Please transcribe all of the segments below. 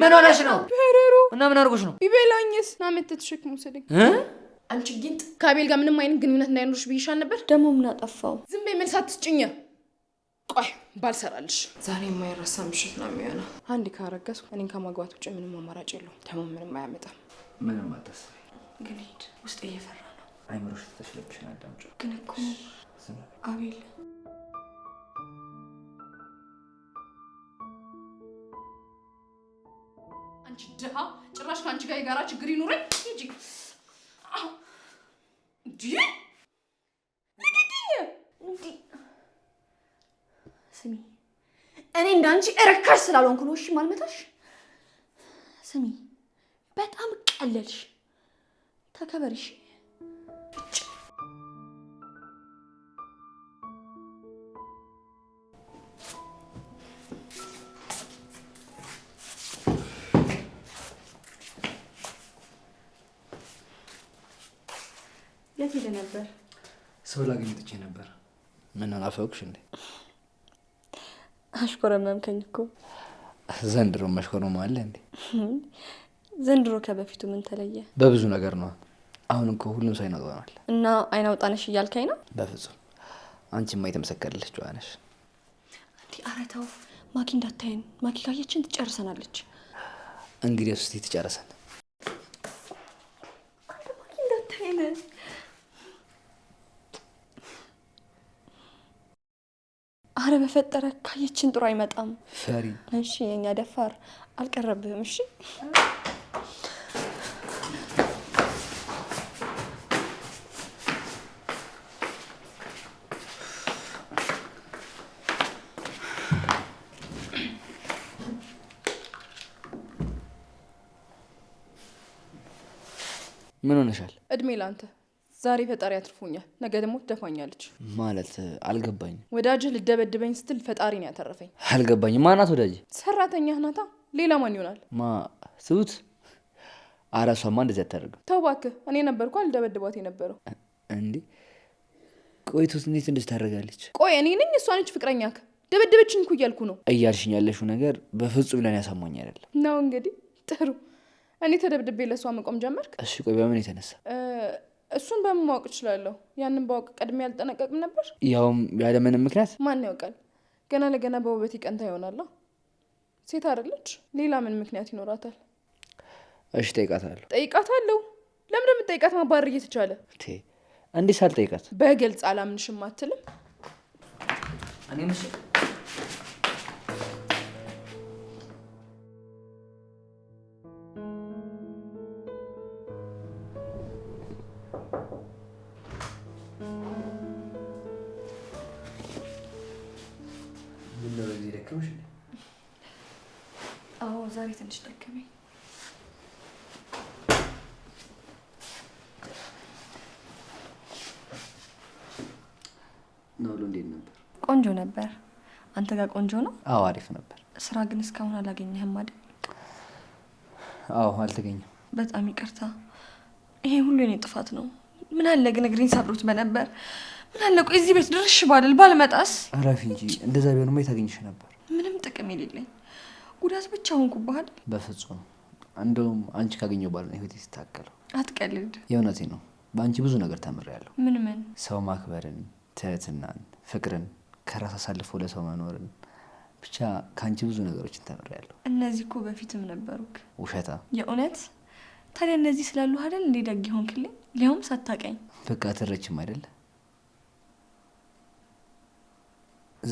ምን ሆነሽ ነው ፔሬሩ? እና ምን አድርጎሽ ነው? ቢበላኝስ? ና ተሸክሞ አንቺ ጊንጥ ከአቤል ጋር ምንም አይነት ግንኙነት እንዳይኖርሽ ብዬሻል ነበር። ደግሞ ምን አጠፋው? ዝም በይ መልስ አትስጭኝ። ቆይ ባልሰራልሽ። ዛሬ የማይረሳ ምሽት ነው የሚሆነው። አንድ ካረገዝኩ እኔን ከማግባት ውጭ ምንም አማራጭ የለውም። ደግሞ ምንም አያመጣም። ምንም ግን ሂድ፣ ውስጥ እየፈራ ነው። አይምሮሽ ተሽለብሽን። አዳምጪው ግን እኮ አቤል አንቺ ድሃ ጭራሽ ከአንቺ ጋር የጋራ ችግር ይኑረኝ እንጂ ስሚ፣ እኔ እንዳንቺ እረካሽ ስላልሆንኩ ነው። እሺ ማልመታሽ። ስሚ፣ በጣም ቀለልሽ። ተከበርሽ። ነበር? ሰው ላገኝ ነበር። ምን ናፈቅሽ እንዴ? አሽኮረመምከኝ እኮ። ዘንድሮ መሽኮረም አለ እንዴ? ዘንድሮ ከበፊቱ ምን ተለየ? በብዙ ነገር ነው። አሁን እኮ ሁሉም ሰው ይናውጠናል። እና አይናውጣነሽ እያልከኝ ነው? በፍጹም አንቺማ የተመሰከረልሽ ጨዋ ነሽ። እንዲህ ኧረ ማኪ እንዳታየን። ማኪ ካየችን ትጨርሰናለች። እንግዲህ ውስጥ ትጨርሰን በፈጠረ ካየችን ጥሩ አይመጣም። ፈሪ እሺ፣ የኛ ደፋር አልቀረብህም። እሺ ምን ሆነሻል? እድሜ ላንተ ዛሬ ፈጣሪ አትርፎኛል፣ ነገ ደግሞ ትደፋኛለች። ማለት አልገባኝ ወዳጅህ ልደበድበኝ ስትል ፈጣሪ ነው ያተረፈኝ። አልገባኝ ማናት ወዳጅ? ሰራተኛ ናታ። ሌላ ማን ይሆናል? ማ ስሁት? ኧረ እንደዚህ አታደርግም። ተው እባክህ፣ እኔ ነበርኩ ልደበድባት የነበረው። እንዴ ቆይ ትሁት እንዴት እንደዚህ ታደርጋለች? ቆይ እኔ ነኝ እሷ ነች ፍቅረኛህ? ደበደበችን እኮ እያልኩ ነው። እያልሽኝ ያለሽው ነገር በፍጹም ለእኔ ያሳማኝ አይደለም። ነው እንግዲህ ጥሩ እኔ ተደብድቤ ለእሷ መቆም ጀመርክ? እሺ ቆይ በምን የተነሳ እሱን በምን ማወቅ እችላለሁ? ያንን ባወቅ ቀድሜ ያልጠነቀቅም ነበር። ያውም ያለምንም ምክንያት ማን ያውቃል? ገና ለገና በውበት ይቀንታ ይሆናለሁ። ሴት አይደለች? ሌላ ምን ምክንያት ይኖራታል? እሺ ጠይቃታለሁ። ጠይቃታለሁ? ለምን የምትጠይቃት? ማባረር እየተቻለ እንዲህ ሳልጠይቃት በግልጽ አላምንሽም አትልም? እኔ ዛሬ ትንሽ ደከመኝ። ናውሎ እንዴት ነበር? ቆንጆ ነበር። አንተ ጋር ቆንጆ ነው? አዎ አሪፍ ነበር። ስራ ግን እስካሁን አላገኘህም አይደል? አዎ አልተገኘም። በጣም ይቅርታ። ይሄ ሁሉ የኔ ጥፋት ነው። ምን አለ ግን እግሬን ሰብሮት በነበር። ምን አለ ቆይ እዚህ ቤት ድርሽ ባልል ባልመጣስ? እረፊ እንጂ። እንደዛ ቢሆንማ የት ነበር? ምንም ጥቅም የሌለኝ ጉዳት ብቻ ሆንኩብሃል። በፍጹም እንደውም አንቺ ካገኘው ባለ ነው ህይወቴ ስታከለው። አትቀልድ። የእውነቴ ነው። በአንቺ ብዙ ነገር ተምሬያለሁ። ምን ምን? ሰው ማክበርን፣ ትህትናን፣ ፍቅርን፣ ከራስ አሳልፎ ለሰው መኖርን ብቻ ከአንቺ ብዙ ነገሮችን ተምሬያለሁ። እነዚህ እኮ በፊትም ነበሩክ። ውሸታ! የእውነት ታዲያ እነዚህ ስላሉ አይደል እንዴ ደግ ሆንክልኝ፣ ሊያውም ሳታቀኝ። በቃ ትረችም አይደለ?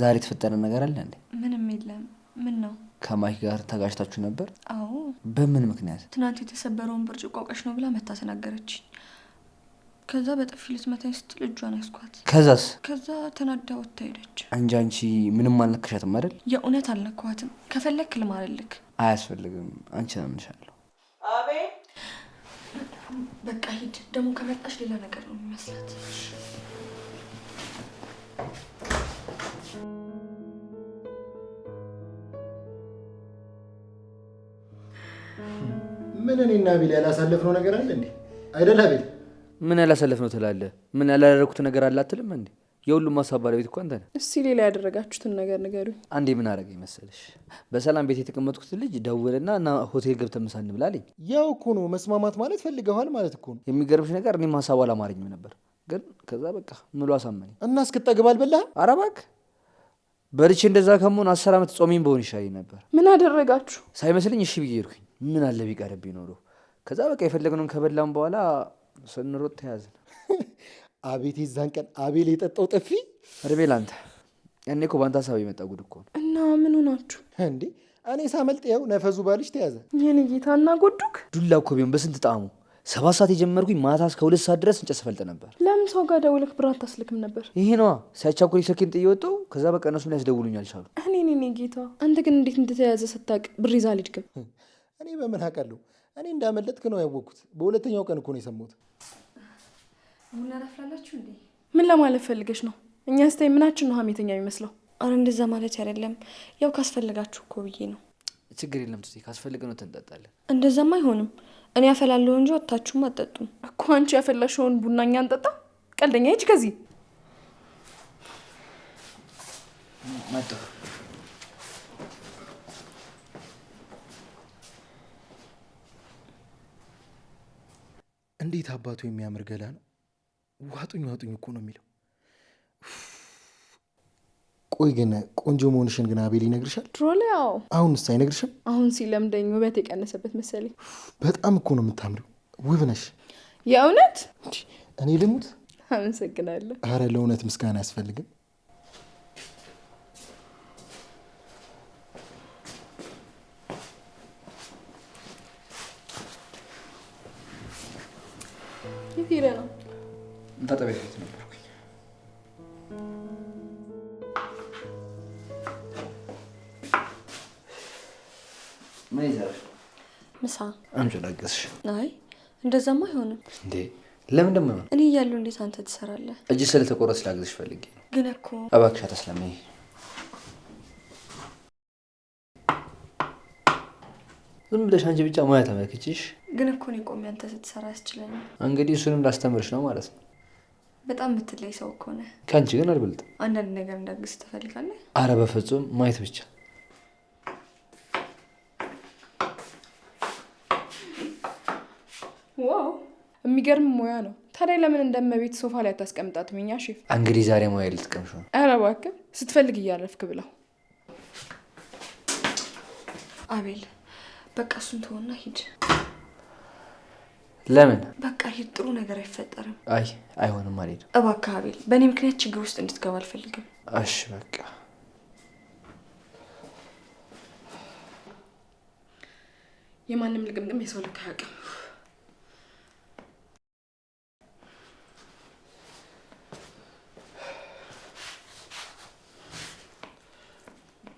ዛሬ የተፈጠረ ነገር አለ እንዴ? ምንም የለም። ምን ነው ከማሂ ጋር ተጋጭታችሁ ነበር? አዎ። በምን ምክንያት? ትናንት የተሰበረውን ብርጭቆ አውቀሽ ነው ብላ መታ ተናገረችኝ። ከዛ በጥፊ ልትመታኝ ስትል እጇን ያስኳት። ከዛስ? ከዛ ተናዳ ወጥታ ሄደች። እንጂ አንቺ ምንም አልነካሻትም አይደል? የእውነት አልነካኋትም። ከፈለክ ልማልልክ። አያስፈልግም። አንቺ አምንሻለሁ። አቤት። በቃ ሂድ። ደግሞ ከመጣሽ ሌላ ነገር ነው የሚመስላት። ምን እኔና ቤል ያላሳለፍነው ነገር አለ እንዴ? አይደል ቤል? ምን ያላሳለፍነው ትላለህ? ምን ያላደረኩት ነገር አለ አትልም እንዴ? የሁሉም ሀሳብ ባለቤት እኮ አንተ ነህ። እስቲ ሌላ ያደረጋችሁትን ነገር ንገሩኝ። አንዴ ምን አደረገኝ መሰለሽ? በሰላም ቤት የተቀመጥኩት ልጅ ደውልና እና ሆቴል ገብተን ምሳ እንብላ ያው እኮ ነው መስማማት ማለት ፈልገዋል ማለት እኮ ነው። የሚገርምሽ ነገር እኔም ሀሳቡ አላማረኝም ነበር፣ ግን ከዛ በቃ ምሎ አሳመኝ እና እስክጠግብ አልበላህ? ኧረ እባክህ በልቼ እንደዛ ከመሆን አስር ዓመት ጾሚን በሆን ይሻለኝ ነበር። ምን አደረጋችሁ? ሳይመስልኝ እሺ ብዬ ሄድኩኝ። ምን አለ ቢቀር ቢኖሩ ከዛ በቃ የፈለግነውን ከበላም በኋላ ስንሮጥ ተያዝን። አቤት የዛን ቀን አቤል የጠጣው ጥፊ እርቤ ላንተ። ያኔ እኮ በአንተ ሀሳብ የመጣ ጉድ እኮ ነው። እና ምን ሆናችሁ እንዴ? እኔ ሳመልጥ ያው ነፈዙ ባልሽ ተያዘ። ይህን ጌታ እና ጎዱክ ዱላ እኮ ቢሆን በስንት ጣሙ። ሰባት ሰዓት የጀመርኩኝ ማታ እስከ ሁለት ሰዓት ድረስ እንጨት ስፈልጥ ነበር። ለምን ሰው ጋር ደውለህ ብራት ታስልክም ነበር? ይሄ ነዋ ሲያቻኩሪ ሰኪን ጥዬ ወጣሁ። ከዛ በቃ እነሱም ሊያስደውሉኝ አልቻሉ። እኔ ኔ ጌታ አንተ ግን እንዴት እንደተያዘ ስታውቅ ብሬዛ አልሄድክም እኔ በምን አውቃለሁ? እኔ እንዳመለጥክ ነው ያወቅኩት። በሁለተኛው ቀን እኮ ነው የሰማሁት። ቡና እንዴ? ምን ለማለት ፈልገሽ ነው? እኛ ስታይ ምናችን ነው ሀሜተኛ የሚመስለው? አረ እንደዛ ማለት አይደለም። ያው ካስፈልጋችሁ እኮ ብዬ ነው። ችግር የለም ቱ ካስፈልግ ነው እንጠጣለን። እንደዛም አይሆንም። እኔ ያፈላለሁ እንጂ ወታችሁም አጠጡም እኮ። አንቺ ያፈላሽውን ቡና እኛ እንጠጣ? ቀልደኛ ይች ከዚህ እንዴት አባቱ የሚያምር ገላ ነው። ዋጡኝ ዋጡኝ እኮ ነው የሚለው። ቆይ ግን ቆንጆ መሆንሽን ግን አቤል ይነግርሻል? ድሮ ላይ ያው። አሁንስ አይነግርሽም? አሁን ሲለምደኝ ውበት የቀነሰበት መሰለኝ። በጣም እኮ ነው የምታምሪው፣ ውብ ነሽ የእውነት። እኔ ልሙት። አመሰግናለሁ። አረ ለእውነት ምስጋና አያስፈልግም። መታጠቢያ ቤት ነበርኩኝ። ምን ይዘሽ ምሳ አንቺ ላገዝሽ? አይ እንደዛማ አይሆንም እንዴ። ለምን ደግሞ ይሆን? እኔ እያለሁ እንዴት አንተ ትሰራለህ? እጅ ስለተቆረጥ ስላግዝሽ ፈልጌ ግን እኮ እባክሽ አተስለመኝ ዝም ብለሽ አንቺ ብቻ ማየት ተመልክችሽ። ግን እኮ እኔ ቆሜ አንተ ስትሰራ ያስችለኛል። እንግዲህ እሱንም ላስተምርሽ ነው ማለት ነው። በጣም የምትለይ ሰው እኮ ነህ። ከአንቺ ግን አልበልጥም። አንዳንድ ነገር እንዳግዝ ትፈልጋለህ? አረ በፍጹም ማየት ብቻ ዋው የሚገርም ሙያ ነው። ታዲያ ለምን እንደመቤት ሶፋ ላይ አታስቀምጣት? ምኛ ሼፍ እንግዲህ ዛሬ ሙያ ልትቀምሹ ነው? ኧረ እባክህ ስትፈልግ እያለፍክ ብለው። አቤል በቃ እሱን ተወና ሂድ። ለምን በቃ ሂድ፣ ጥሩ ነገር አይፈጠርም። አይ አይሆንም፣ አልሄድም። እባክህ አቤል፣ በእኔ ምክንያት ችግር ውስጥ እንድትገባ አልፈልግም። እሺ በቃ የማንም ልግምግም የሰው ልክ አያውቅም።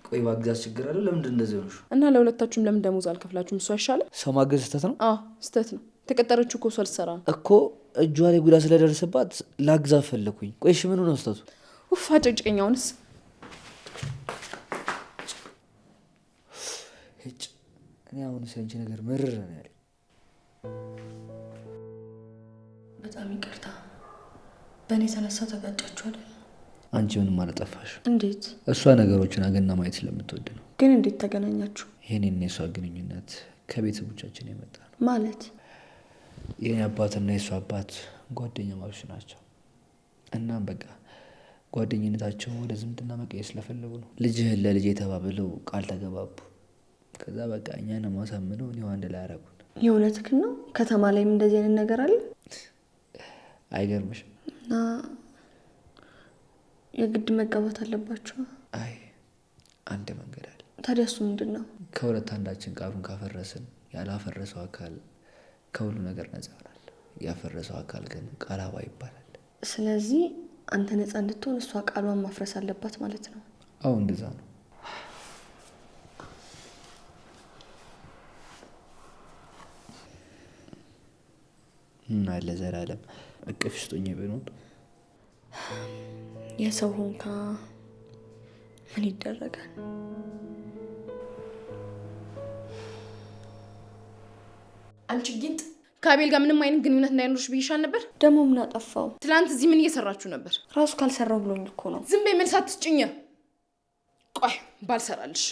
ቆይ ማግዛት ችግር አለ? ለምንድን እንደዚህ ሆነሽ? እና ለሁለታችሁም ለምን ደሞዝ አልከፍላችሁም? እሱ አይሻልም? ሰው ማገዝ ስህተት ነው? አዎ ስህተት ነው። ተቀጠረች እኮ እሷ ልትሰራ እኮ እጇ ላይ ጉዳት ስለደረሰባት ላግዛ ፈለኩኝ። ቆይሽ ምን ምኑ ነው ስህተቱ? ውፍ አጨቅጭቀኝ። አሁንስ እኔ አሁንስ ያንቺ ነገር ምርር ነው ያለኝ። በጣም ይቅርታ፣ በእኔ የተነሳ ተጋጫችኋል። አንቺ ምንም አላጠፋሽ። እንዴት? እሷ ነገሮችን አገና ማየት ስለምትወድ ነው። ግን እንዴት ተገናኛችሁ? ይህኔ እሷ ግንኙነት ከቤተሰቦቻችን የመጣ ነው ማለት የኔ አባትና የእሱ አባት ጓደኛማች ናቸው። እናም በቃ ጓደኝነታቸውን ወደ ዝምድና መቀየር ስለፈለጉ ነው። ልጅህን ለልጅ የተባብለው ቃል ተገባቡ። ከዛ በቃ ነው ማሳምነው እኔ አንድ ላይ ያደረጉን። የእውነትህን ነው? ከተማ ላይም እንደዚህ አይነት ነገር አለ? አይገርምሽም? እና የግድ መጋባት አለባቸው? አይ አንድ መንገድ አለ። ታዲያ እሱ ምንድን ነው? ከሁለት አንዳችን ቃሉን ካፈረስን ያላፈረሰው አካል ከሁሉ ነገር ነጻ ይሆናል። ያፈረሰው አካል ግን ቃላዋ ይባላል። ስለዚህ አንተ ነጻ እንድትሆን እሷ ቃሏን ማፍረስ አለባት ማለት ነው። አዎ እንደዛ ነው። እና ለዘላለም እቅፍ ስጡኝ ብኖት የሰው ሆንካ ምን ይደረጋል? አንቺ ጊንጥ ከአቤል ጋር ምንም አይነት ግንኙነት እንዳይኖርሽ ብይሻል ነበር። ደግሞ ምን አጠፋው? ትናንት እዚህ ምን እየሰራችሁ ነበር? ራሱ ካልሰራው ብሎኝ እኮ ነው። ዝም በይ መልስ አትስጭኝ። ቆይ ባልሰራልሽ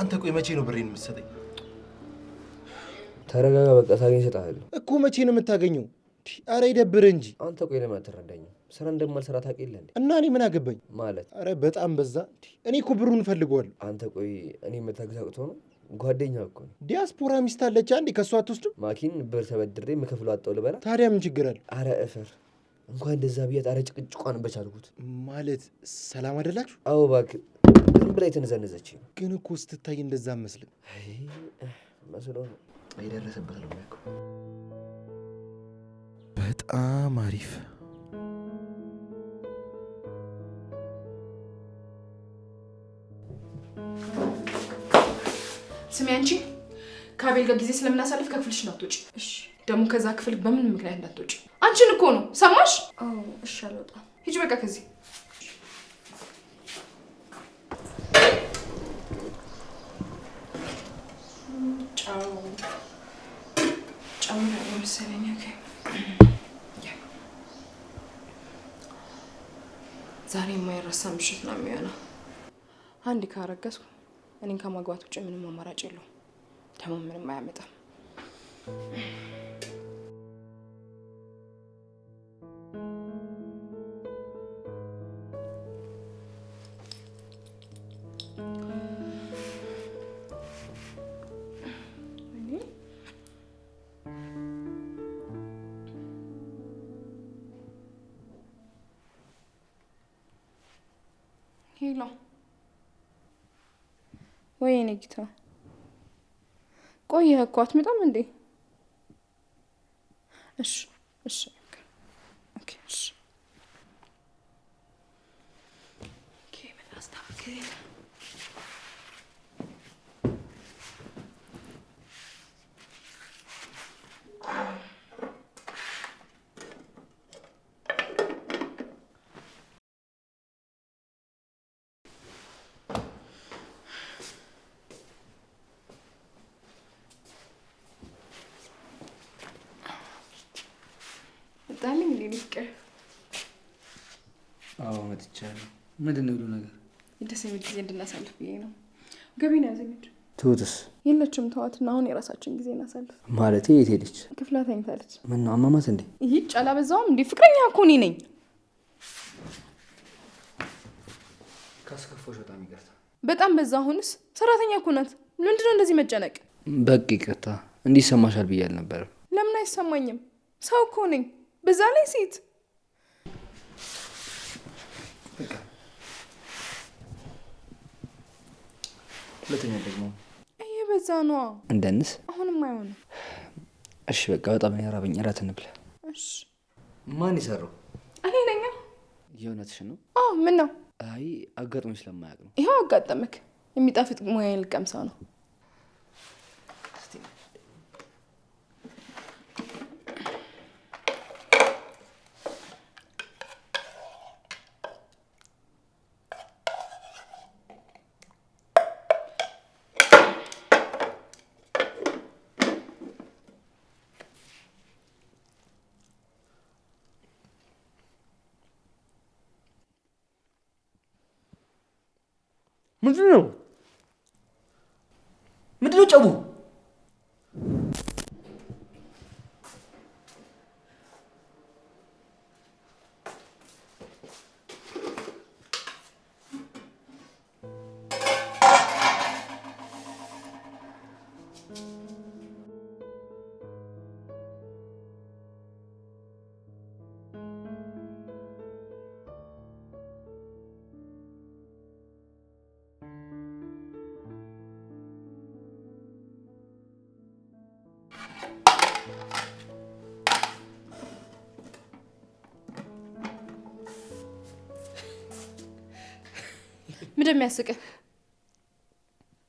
አንተ ቆይ መቼ ነው ብሬን የምትሰጠኝ? ተረጋጋ፣ በቃ ሳገኝ እሰጥሃለሁ እኮ። መቼ ነው የምታገኘው? አረ ይደብር እንጂ አንተ። ቆይ ለምን አትረዳኝም? ስራ እንደማልሰራ ታውቅ የለ እንዴ? እና እኔ ምን አገባኝ ማለት። አረ በጣም በዛ። እኔ እኮ ብሩን እፈልገዋለሁ። አንተ ቆይ እኔ መታገዝ ነው? ጓደኛ እኮ ዲያስፖራ ሚስት አለች። አንዴ ከእሷ አትወስድም? ማኪን ብር ተበድሬ የምከፍለው አጠው ልበላ። ታዲያ ምን ችግር አለ? አረ እፈር እንኳን እንደዛ ብያት። አረ ጭቅጭቋን በቻልኩት ማለት። ሰላም አይደላችሁ? አዎ እባክህ። ዝም ብላ የተነዘነዘች ግን እኮ ስትታይ እንደዛ መስልም መስሎ ነው የደረሰበት ነው በጣም አሪፍ ስሚ አንቺ ከአቤል ጋር ጊዜ ስለምናሳልፍ ከክፍልሽ እንዳትወጪ እሺ ደግሞ ከዛ ክፍል በምን ምክንያት እንዳትወጪ አንቺን እኮ ነው ሰማሽ እሺ አልወጣም ሂጂ በቃ ከዚህ ጫው ጫው መሰለኝ ዛሬ የማይረሳ ምሽት ነው የሚሆነው። አንድ ካረገዝኩ እኔን ከማግባት ውጭ ምንም አማራጭ የለውም። ደግሞ ምንም አያመጣም። იქცა. კოი აქ 10 მომენტი? ეშ, ეშ. ოკეი, ეშ. კი, მე დავსტავ კი. ምንድን ነው የሉ ነገር ደስ የሚል ጊዜ እንድናሳልፍ ብዬ ነው። ገቢ ነው ያዘች ትውትስ የለችም። ተዋትና አሁን የራሳችን ጊዜ እናሳልፍ። ማለት የት ሄደች? ክፍላ ተኝታለች። ምነው አማማት እንዴ? ይህች አላበዛውም እንዴ? ፍቅረኛ እኮ እኔ ነኝ። ካስከፋሽ በጣም ይቅርታ። በጣም በዛ። አሁንስ ሰራተኛ እኮ ናት። ምንድነው እንደዚህ መጨነቅ? በቂ ይቅርታ። እንዲሰማሻል ይሰማሻል ብዬ አልነበረም። ለምን አይሰማኝም? ሰው እኮ ነኝ። በዛ ላይ ሴት ሁለተኛ ደግሞ እየበዛ ነዋ። እንደንስ አሁንም አይሆንም። እሺ በቃ በጣም ያራበኝ፣ እራት እንብላ። ማን ይሰራው እኔ ነኝ። የእውነትሽ ነው? ምን ነው? አይ አጋጥሞኝ ስለማያውቅ ነው። ይኸው አጋጠምክ የሚጣፍጥ ሙያ ልቀምሰው ነው original. የሚያስቅ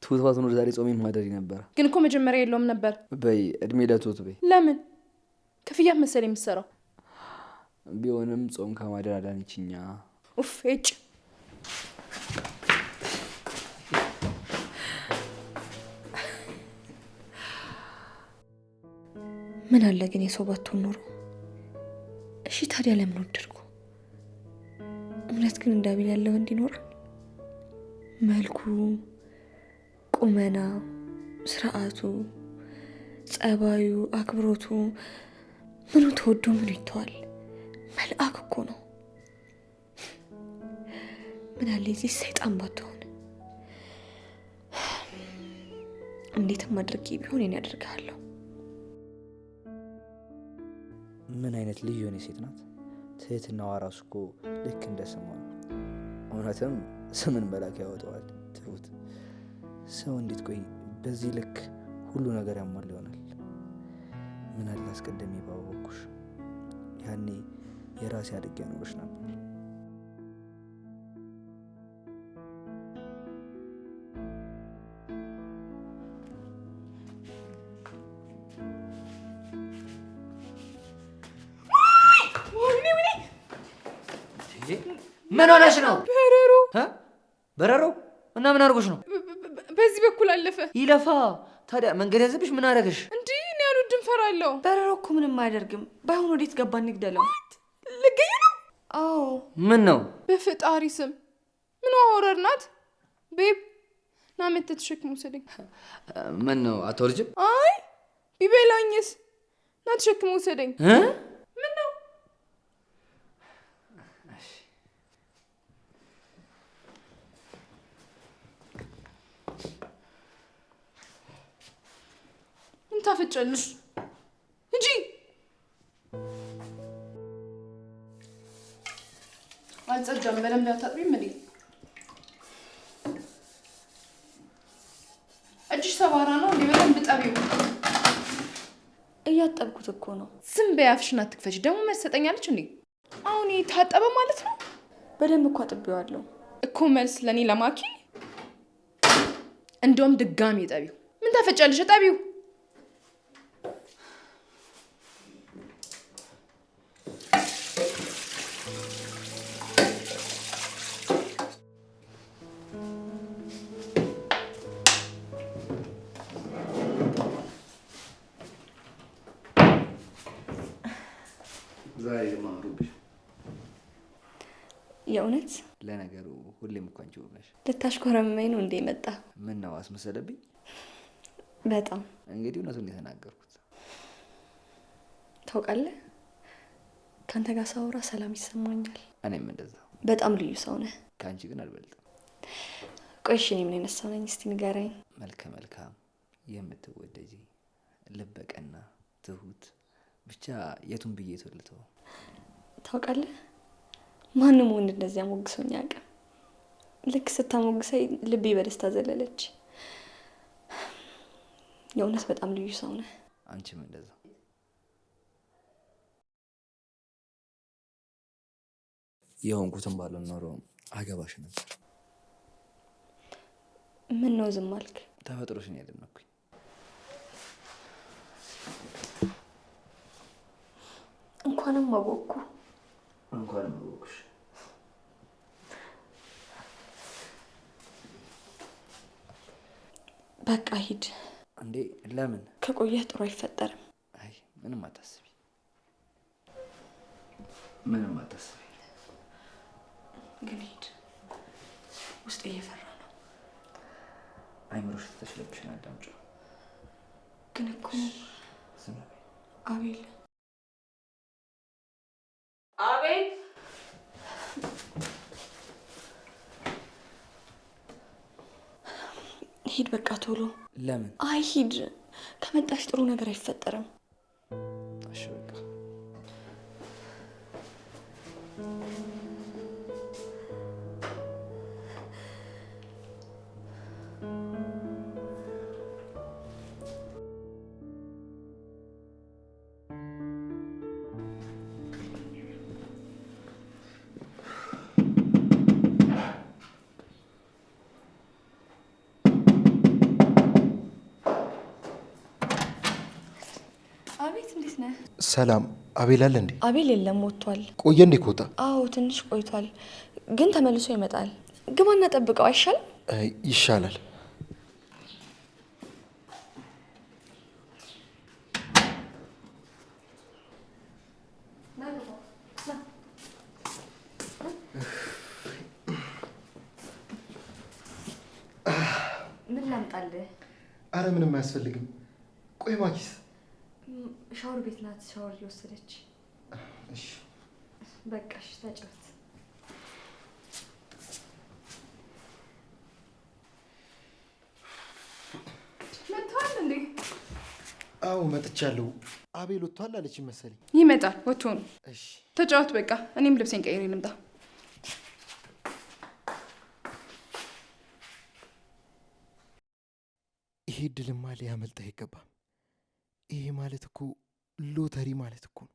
ትሁት ኖር ዛሬ ጾሜን ማደሪ ነበር ግን እኮ መጀመሪያ የለውም ነበር። በይ እድሜ ለትሁት በይ። ለምን ክፍያ መሰል የምሰራው ቢሆንም ጾም ከማደር አዳንችኛ። ኡፍ እጭ ምን አለ ግን የሰው ባትሆን ኖሮ። እሺ ታዲያ ለምን ወደድኩ? እምነት ግን እንዳቢል ያለው እንዲኖር መልኩ፣ ቁመና፣ ስርዓቱ፣ ጸባዩ፣ አክብሮቱ ምኑ ተወዶ ምኑ ይተዋል። መልአክ እኮ ነው። ምናለ ዚህ ሰይጣን ባትሆን። እንዴትም አድርጌ ቢሆን ኔን ያደርግሃለሁ። ምን አይነት ልዩ የሆነ ሴት ናት! ትህትናዋ ራሱ እኮ ልክ እንደ ስሟ እውነትም ስምን መላክ ያወጣዋል። ትሁት ሰው እንዴት ቆይ በዚህ ልክ ሁሉ ነገር ያሟል ይሆናል? ምን አለ አስቀድሜ ባወቅኩሽ፣ ያኔ የራሴ አድጌ ያኖረሽ ነበር። ምን ሆነሽ ነው? በረረው እና ምን አድርጎሽ ነው? በዚህ በኩል አለፈ። ይለፋ ታዲያ መንገድ ያዘብሽ። ምን አደረገሽ? እንዲህ እኔ አልወድም፣ ፈራለሁ። በረረው እኮ ምንም አያደርግም። ባይሆን ወዴት ገባ? እንግደለው። ልገኝ ነው? አዎ። ምን ነው? በፈጣሪ ስም ምን ሆረር ናት? ቤብ ና መተህ ተሸክም ውሰደኝ። ምን ነው አቶ አይ ቢበላኝስ? ና ውሰደኝ። ታፈጫለሽ እንጂ አልጸዳም። በደንብ አታጥቢም እንዴ? እጅሽ ሰባራ ነው እንዴ? በደንብ ጠቢው። እያጠብኩት እኮ ነው። ዝም በይ አፍሽን አትክፈች። ደግሞ መልስ ሰጠኛለች እንዴ? አሁን ታጠበ ማለት ነው? በደንብ እኮ አጥቤዋለሁ እኮ። መልስ ለእኔ ለማኪ። እንደውም ድጋሚ ጠቢው። ምን ታፈጫለሽ? ጠቢው የእውነት ለነገሩ ሁሌም እኮ አንቺ ውብ ነሽ። ልታሽኮረመኝ ነው እንዴ? መጣ ምን ነው አስመሰለብኝ? በጣም እንግዲህ እውነቱን የተናገርኩት ታውቃለህ። ከአንተ ጋር ሳውራ ሰላም ይሰማኛል። እኔም እንደዛ። በጣም ልዩ ሰው ነህ። ከአንቺ ግን አልበልጥም። ቆይ እሺ፣ እኔ ምን አይነት ነኝ? እስቲ ንገረኝ። መልከ መልካም፣ የምትወደጂ፣ ልበቀና፣ ትሁት፣ ብቻ የቱን ብዬ ትወልተው ታውቃለህ ማንም ወንድ እንደዚያ ሞግሶኝ አያውቅም። ልክ ስታሞግሰኝ ልቤ በደስታ ዘለለች። የእውነት በጣም ልዩ ሰው ነህ። አንቺም እንደዛ። የሆንኩትን ባለው ኖሮ አገባሽ ነበር። ምን ነው ዝም አልክ? ነው ያደነኩኝ እንኳንም አወቅኩ። እንኳንም አወቅሽ። በቃ ሂድ። እንዴ ለምን? ከቆየህ ጥሩ አይፈጠርም። አይ ምንም አታስቢ፣ ምንም አታስቢ። ግን ሂድ፣ ውስጥ እየፈራ ነው። አይምሮሽ ተሽለብሽን አዳምጪው። ግን እኮ አቤል ሂድ በቃ ቶሎ። ለምን? አይ ሂድ፣ ከመጣሽ ጥሩ ነገር አይፈጠርም። እንዴት ነህ? ሰላም። አቤል አለ እንዴ? አቤል የለም፣ ወጥቷል። ቆየ እንዴ ከወጣ? አዎ ትንሽ ቆይቷል፣ ግን ተመልሶ ይመጣል። ግባና ጠብቀው አይሻልም? ይሻላል። ምን ላምጣልህ? አረ ምንም አያስፈልግም። ቆይ ማኪስ ሻወር ቤት ናት፣ ሻወር እየወሰደች በቃሽ። ተጫወት። አዎ መጥቻለሁ። አቤል ወጥቷል አለች መሰለኝ። ይመጣል፣ ወጥቶ ነው። ተጫወት በቃ። እኔም ልብሴን ቀይሬ ልምጣ። ይሄ ድልማ ሊያመልጥ አይገባም። ይሄ ማለት እኮ ሎተሪ ማለት እኮ ነው።